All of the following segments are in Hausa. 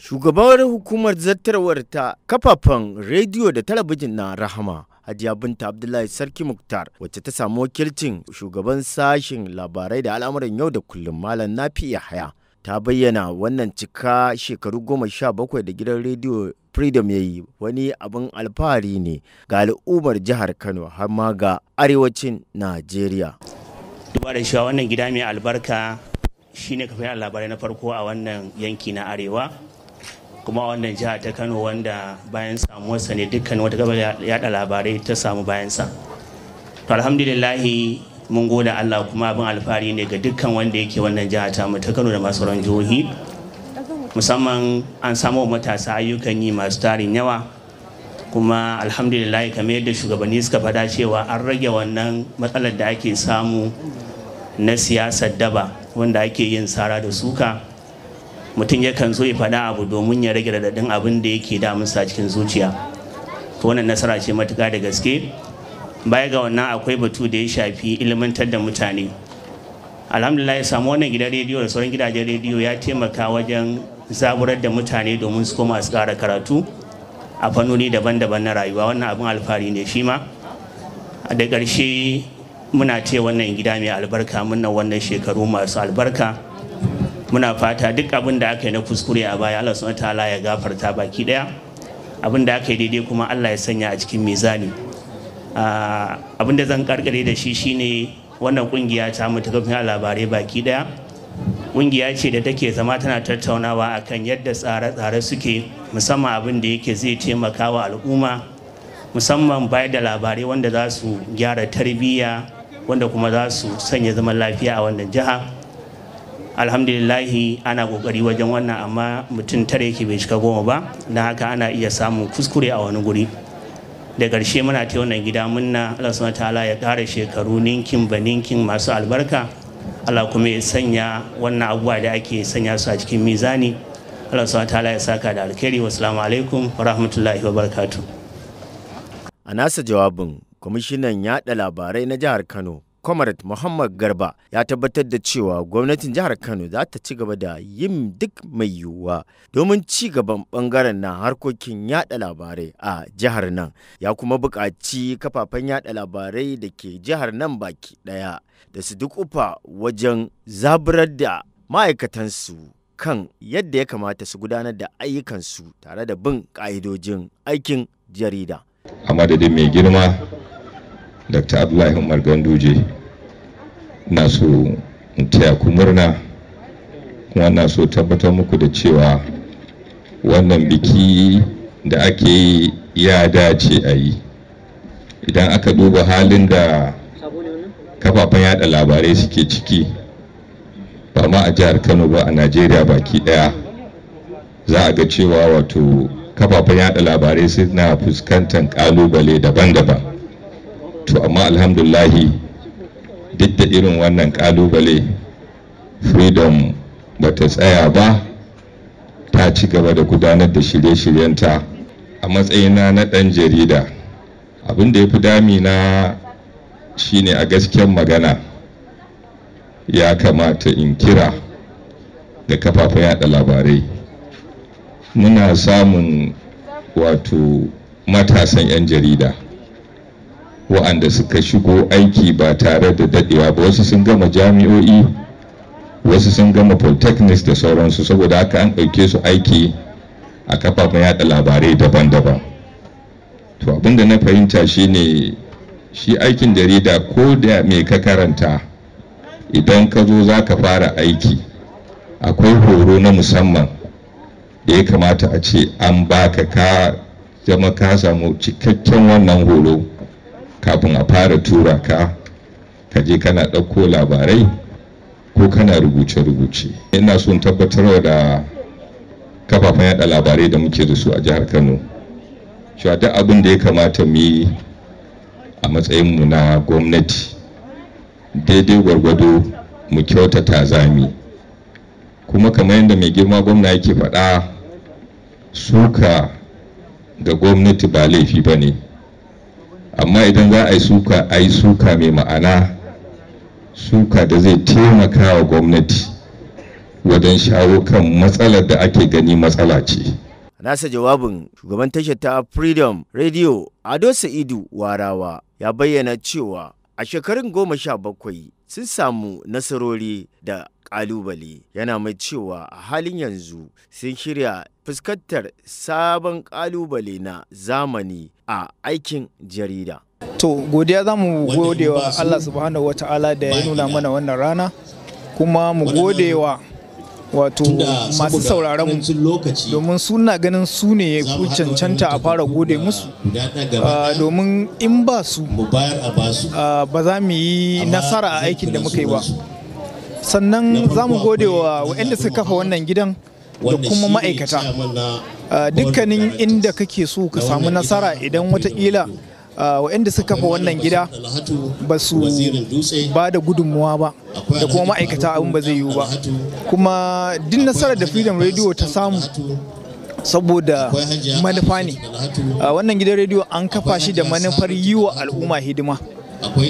Shugabar hukumar zartarwar ta kafafen rediyo da talabijin na Rahama. Hajiya Binta Abdullahi Sarki Muktar wacce ta samu wakilcin shugaban sashen labarai da al'amuran yau da kullum Malam Nafi Yahaya ta bayyana wannan cika shekaru goma sha bakwai da gidan rediyo Freedom ya yi wani abin alfahari ne ga al'ummar jihar Kano har ma ga arewacin Najeriya. Duba da cewa wannan gida mai albarka shine kafin labarai na farko a wannan yanki na arewa kuma wannan jiha ta kano wanda bayan sa ne dukkan wata gaba yada labarai ta samu bayan bayansa to alhamdulillahi mun gode allah kuma abin alfahari ne ga dukkan wanda yake wannan jiha ta mu ta kano da masu ran jihohi musamman an samu matasa ayyukan yi masu tarin yawa kuma alhamdulillah kamar yadda shugabanni suka faɗa cewa an rage wannan matsalar da ake samu na siyasar daba wanda ake yin sara da suka mutum yakan zo ya faɗa abu domin ya rage radadin abin da yake damunsa cikin zuciya to wannan nasara ce matuƙa da gaske baya ga wannan akwai batu da ya shafi ilmantar da mutane alhamdulillah ya samu wannan gidan rediyo da sauran gidajen rediyo ya taimaka wajen zaburar da mutane domin su koma su ƙara karatu a fannoni daban-daban na rayuwa wannan abin alfahari ne shi ma da ƙarshe muna ce wannan gida mai albarka muna wannan shekaru masu albarka muna fata duk abin da aka yi na kuskure a baya Allah subhanahu ta'ala ya gafarta baki daya abin da aka yi daidai kuma Allah ya sanya a cikin mizani ah, abin da zan karkare da shi shine wannan kungiya ta mu ta labarai baki daya kungiya ce da take zama tana tattaunawa akan yadda tsare-tsare suke musamman abin da yake zai taimaka wa al'umma musamman bayar da labarai wanda za su gyara tarbiyya wanda kuma za su sanya zaman lafiya a wannan jiha alhamdulillahi ana kokari wajen wannan amma mutum tare yake bai shiga goma ba don haka ana iya samun kuskure a wani guri da karshe muna ta wannan gida munna Allah subhanahu ta'ala ya ƙara shekaru ninkin ba ninkin masu albarka Allah kuma ya sanya wannan abubuwa da ake sanya su a cikin mizani Allah subhanahu ta'ala ya saka da alkhairi wassalamu alaikum wa rahmatullahi wa barakatuh a nasa jawabin kwamishinan yaɗa labarai na jihar Kano comrade muhammad garba ya tabbatar da cewa gwamnatin jihar kano za ta ci gaba da yin duk mai yiwuwa domin ci gaban bangaren na harkokin yada labarai a jihar nan ya kuma buƙaci kafafen yada labarai da ke jihar nan baki daya da su duk ufa wajen zaburar da ma'aikatansu kan yadda ya kamata su gudanar da ayyukansu tare da bin ƙa'idojin aikin jarida. A madadin mai girma, Dr. Abdullahi Umar Ganduje, na so in taya ku murna kuma na so tabbatar muku da cewa wannan biki da ake yi ya dace a yi idan aka duba halin da kafafen yada labarai suke ciki ba ma a jihar kano ba a najeriya baki daya za a ga cewa wato kafafen yada labarai suna fuskantar kalubale daban-daban to amma alhamdulahi duk da irin wannan kalubale freedom ba ta tsaya ba ta ci gaba da gudanar da shirye-shiryenta a matsayina na ɗan jarida abin da ya fi damina shine a gasken magana ya kamata in kira da kafafen yada labarai muna samun wato matasan 'yan jarida waɗanda suka shigo aiki ba tare da daɗewa ba wasu sun gama jami'o'i wasu sun gama polytechnics da sauransu saboda haka an ɗauke su aiki a kafafen yada labarai daban-daban to abinda na fahimta shine shi aikin jarida ko da me ka karanta idan ka zo za ka fara aiki akwai horo na musamman da ya kamata a ce an baka ka zama ka samu cikakken wannan horo kafin a fara tura ka ka je kana ɗauko labarai ko kana rubuce-rubuce ina son tabbatar da kafafen yada labarai da muke da su a jihar kano cewa duk abin da ya kamata mu yi a matsayinmu na gwamnati daidai gwargwado mu kyautata zami kuma kamar yadda mai girma gwamna yake faɗa suka ga gwamnati ba laifi ba ne amma idan za a yi suka a yi suka mai ma'ana suka da zai taimaka wa gwamnati wajen shawo kan matsalar da ake gani matsala ce nasa jawabin shugaban tashar ta freedom radio ado sa'idu warawa ya bayyana cewa a shekarun goma sha bakwai sun samu nasarori da kalubale yana mai cewa a halin yanzu sun shirya fuskantar sabon kalubale na zamani a aikin jarida to godiya za mu gode wa allah subhanahu wa ta'ala da ya nuna mana wannan rana kuma mu gode wa wato masu sauraron domin suna ganin su ne ya cancanta a fara gode musu ah, domin in ba su ah, ba za mu yi nasara a aikin da muka yi ba sannan za mu gode wa waɗanda suka kafa wannan gidan da kuma ma'aikata ah, dukkanin inda kake so ka samu nasara idan watakila ah, waɗanda suka kafa wannan gida ba su ba da gudunmuwa ba da kuma ma'aikata abin ba zai yiwu ba kuma duk nasarar da freedom radio ta samu saboda manufa ne ah, wannan gidan radio an kafa shi da manufar yi wa al'umma hidima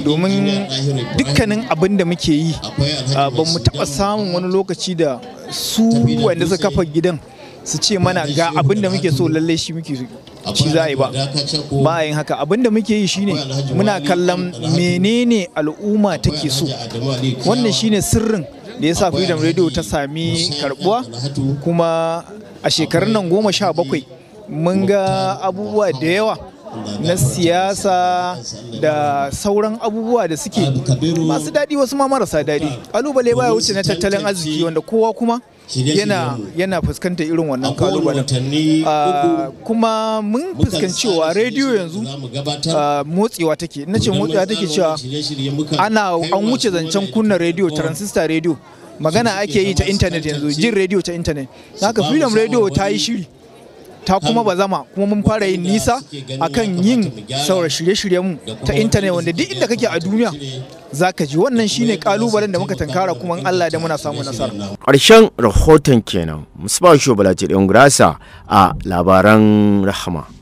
domin dukkanin abin da muke yi ah, ba mu taɓa samun wani lokaci da su wanda suka kafa gidan su ce mana ga abin da muke so lalle shi muke shi za a yi ba bayan haka abin da muke yi shine muna kallon menene al'umma take so wannan shine sirrin da ya sa freedom radio ta sami karbuwa kuma a shekarun nan goma sha bakwai mun ga abubuwa da yawa na siyasa da sauran abubuwa da suke masu daɗi wasu ma marasa daɗi kalubale baya wuce na tattalin arziki wanda kowa kuma yana yana fuskanta irin wannan kalubalen ah, kuma mun fuskancewa rediyo yanzu ah, motsewa take na ce motsewa take cewa ana an wuce zancen kunna rediyo transistor rediyo magana ake yi ta intanet yanzu jin rediyo ta intanet haka freedom rediyo ta yi shiri ta kuma ba zama kuma mun fara yin nisa akan yin saura shirye-shiryen mu ta intanet wanda duk inda kake a duniya za ka ji wannan shine kalubalen da muka tankara kuma in Allah da muna samu nasara ƙarshen rahoton kenan musu ba shi gurasa a labaran rahama